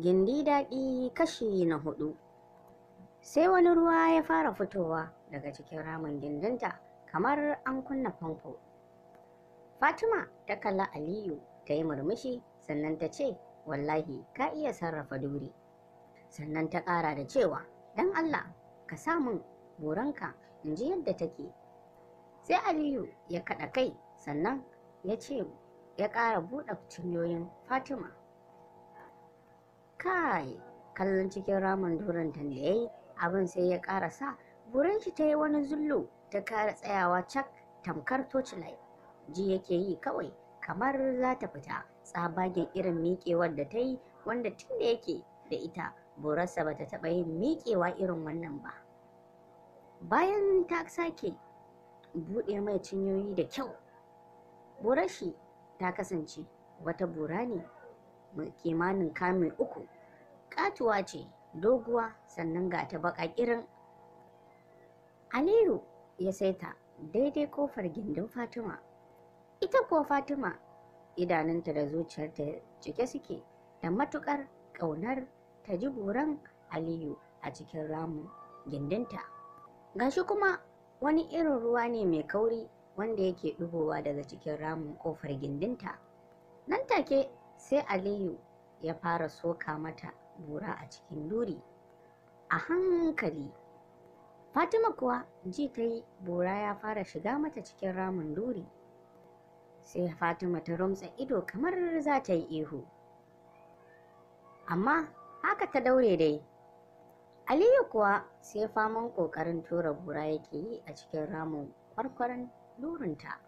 Gindi daɗi kashi na hudu. Sai wani ruwa ya fara fitowa daga cikin ramin gindinta kamar an kunna famfo. Fatima ta kalla Aliyu ta yi murmushi sannan ta ce, Wallahi ka iya sarrafa duri. Sannan ta ƙara da cewa, Dan Allah ka samun buranka in ji yadda take. Sai Aliyu ya kaɗa kai sannan ya ce ya ƙara buɗe cinyoyin Fatima. kai kallon cikin ramin duranta ta ne abin sai ya karasa burin shi ta yi wani zullo ta kara tsayawa cak tamkar tocilai ji yake yi kawai kamar za ta fita tsabagen irin miƙewar da ta yi wanda tun da yake da ita borarsa ba ta taɓa yin miƙewa irin wannan ba bayan ta sake buɗe mai cinyoyi da kyau borashi ta kasance wata bura kimanin kame uku katuwa ce doguwa sannan ga ta baƙaƙirin aliyu ya saita daidai kofar gindin fatima ita ko fatima idanunta da zuciyarta cike suke da matukar ƙaunar ta ji buran aliyu a cikin ramu gindinta gashi kuma wani irin ruwa ne mai kauri wanda yake dubowa daga cikin ramin ƙofar gindinta nan take sai aliyu ya fara soka mata bura a cikin duri a hankali fatima kuwa ji ta yi bura ya fara shiga mata cikin ramin duri sai fatima ta rumtsa ido kamar za ta yi ihu amma haka ta daure dai aliyu kuwa sai faman kokarin tura bura yake yi a cikin ramin kwarkwaron durinta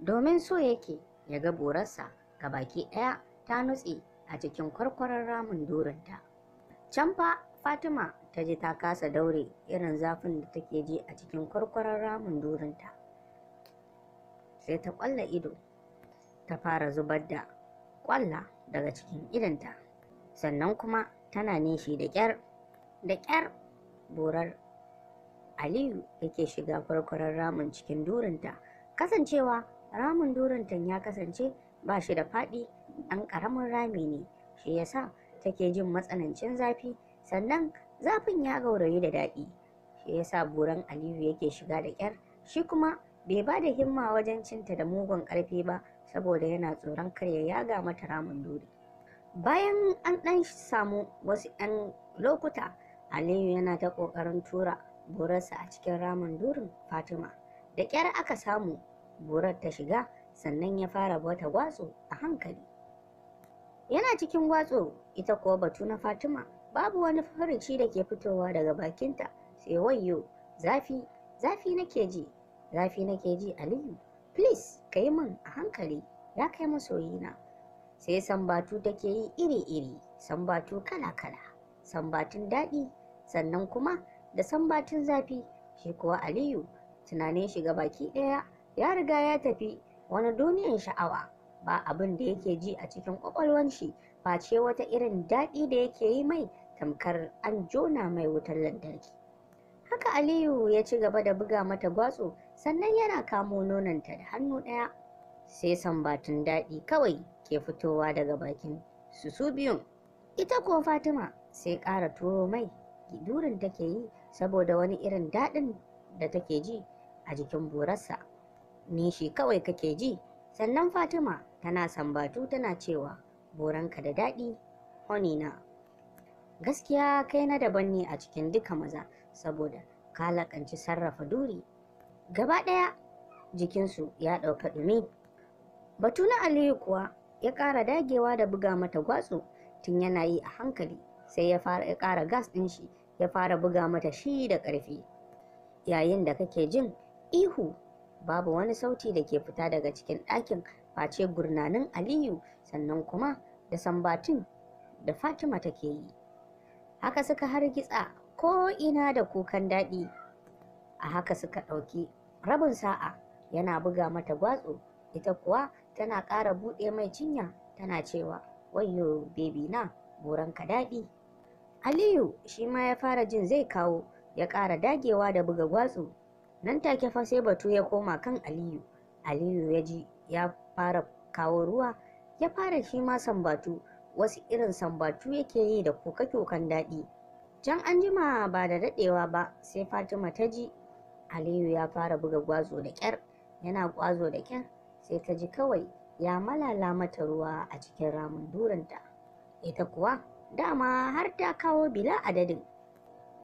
domin so yake ya ga burarsa Ga baki ɗaya ta nutse a cikin kwarkwarar ramin durinta. Can fa Fatima ta ji ta kasa daure irin zafin da take ji a cikin kwarkwarar ramin durinta. Sai ta ƙwalla ido, ta fara zubar da ƙwalla daga cikin idanta, sannan kuma tana nishi da ƙyar, da ƙyar borar Aliyu yake shiga kwarkwarar ramin cikin durinta, kasancewa ramin durintan ya kasance ba shi da faɗi ɗan ƙaramin rami ne shi yasa take jin matsanancin zafi sannan zafin ya gaurayi da daɗi shi yasa buran aliyu yake shiga da ƙyar shi kuma bai ba da himma wajen cinta da mugun ƙarfi ba saboda yana tsoron karya ga mata ramin duri bayan an ɗan samu wasu 'yan lokuta aliyu yana ta ƙoƙarin tura burarsa a cikin ramin durin fatima da ƙyar aka samu burar ta shiga sannan ya fara bata gwatso a hankali yana cikin gwatso ita kuwa batu na fatima babu wani farici da ke fitowa daga bakinta sai wayo zafi zafi nake ji zafi nake ji aliyu please kai yi min a hankali ya kai masoyina sai sambatu take yi iri-iri sambatu kala-kala sambatun daɗi sannan kuma da sambatun zafi shi kuwa aliyu tunanin shiga baki ɗaya ya riga ya tafi wani duniyan sha'awa ba abin da yake ji a cikin kwakwalwan shi ba ce wata irin daɗi da yake yi mai tamkar an jona mai wutar lantarki haka aliyu ya ci gaba da buga mata gwatsu sannan yana kamo nononta da hannu ɗaya sai sambatun daɗi kawai ke fitowa daga bakin su su biyun ita ko fatima sai ƙara turo mai gidurin take yi saboda wani irin daɗin da take ji a jikin burarsa nishi kawai kake ji sannan fatima tana sambatu tana cewa boranka da daɗi na. gaskiya kai na daban ne a cikin duka maza saboda ka lakanci sarrafa duri gaba ɗaya jikinsu ya ɗauka ɗumi batu na aliyu kuwa ya ƙara dagewa da buga mata gwatsu tun yana yi a hankali sai ya ƙara gas ɗin shi ya fara buga mata shi da ƙarfi yayin da kake jin ihu babu wani sauti da ke fita daga cikin ɗakin face gurnanin aliyu sannan kuma da sambatin da fatima take yi haka suka hargitsa ko ina da kukan daɗi a haka suka ɗauki rabin sa'a yana buga mata gwatsu ita kuwa tana ƙara buɗe mai cinya tana cewa wayo bebi na buranka daɗi aliyu shi ma ya fara jin zai kawo ya ƙara dagewa da buga gwatsu nan take fa sai batu ya koma kan aliyu aliyu ya ji ya fara kawo ruwa ya fara shi ma sambatu wasu irin sambatu yake yi da koka kokan daɗi can an jima ba da daɗewa ba sai fatima ta ji aliyu ya fara buga gwazo da ƙyar yana gwazo da ƙyar sai ta ji kawai ya malala mata ruwa a cikin ramin durinta ita kuwa dama har ta kawo bila adadin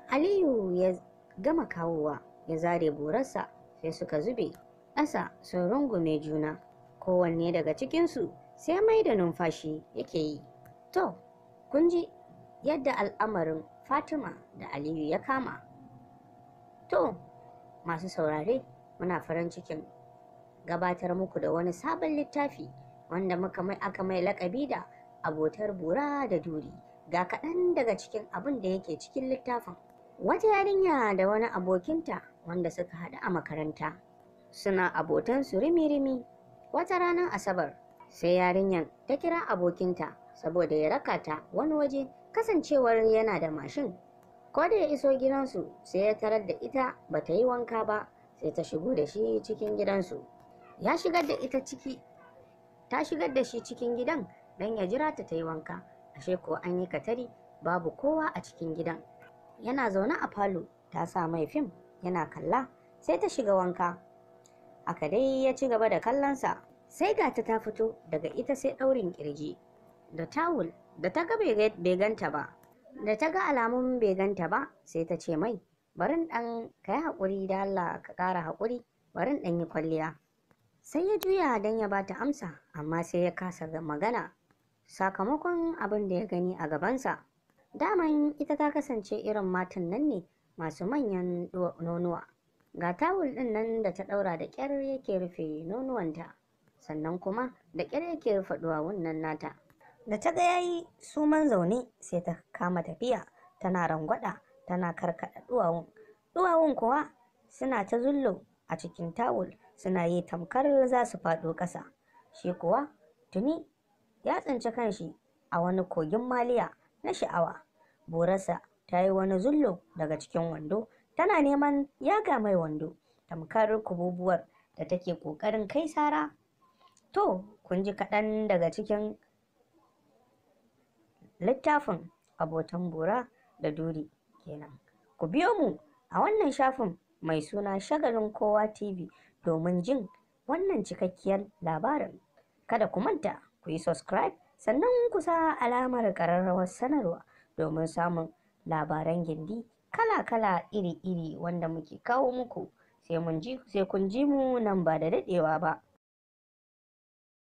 aliyu ya gama kawowa ya zare burarsa sai suka zube ƙasa sun rungume juna kowanne daga cikinsu sai mai da numfashi yake yi to kun ji yadda al'amarin fatima da aliyu ya kama to masu saurare muna farin cikin gabatar muku da wani sabon littafi wanda muka mai aka mai lakabi da abotar bura da duri ga kaɗan daga cikin abin da yake cikin littafin wata yarinya da wani abokinta wanda suka haɗu a makaranta suna abotan su rimi-rimi wata ranar asabar sai yarinyar ta kira abokinta saboda ya raka ta wani waje kasancewar yana da mashin ko da ya iso gidansu sai ya tarar da ita ba ta yi wanka ba sai ta shigo da shi cikin gidansu ya shigar da ita ciki ta shigar da shi cikin gidan don ya jira ta ta yi wanka ashe ko an yi katari babu kowa a cikin gidan yana zaune a falo ta sa mai fim yana kalla sai ta shiga wanka aka dai ya ci gaba da kallonsa sai gata ta fito daga ita sai ɗaurin kirji da tawul da ta ga bai ganta ba da ta ga alamun bai ganta ba sai ta ce mai barin ɗan ka yi haƙuri da Allah ka ƙara haƙuri barin ɗan yi kwalliya sai ya juya don ya bata amsa amma sai ya kasa magana sakamakon abin da ya gani a gabansa daman ita ta kasance irin matan nan ne masu manyan nonuwa ga tawul ɗin nan da ta ɗaura da ƙyar yake rufe nonuwanta sannan kuma da ƙyar yake rufe duwawun nan nata da ta ga yayi suman zaune sai ta kama tafiya tana rangwada tana karkada duwawun duwawun kuwa suna ta zullo a cikin tawul suna yi tamkar za su faɗo ƙasa shi kuwa tuni ya tsinci kanshi a wani kogin maliya na sha'awa borarsa ta yi wani zullo daga cikin wando tana neman yaga mai wando tamkar kububuwar da take ƙoƙarin kai sara to kun ji kaɗan daga cikin littafin abotan bora da duri kenan ku biyo mu a wannan shafin mai suna shagalin kowa tv domin jin wannan cikakkiyar labarin kada ku manta ku yi subscribe sannan ku sa alamar ƙararrawar sanarwa domin samun labaran gindi kala-kala iri-iri wanda muke kawo muku sai kun ji mu nan ba da daɗewa ba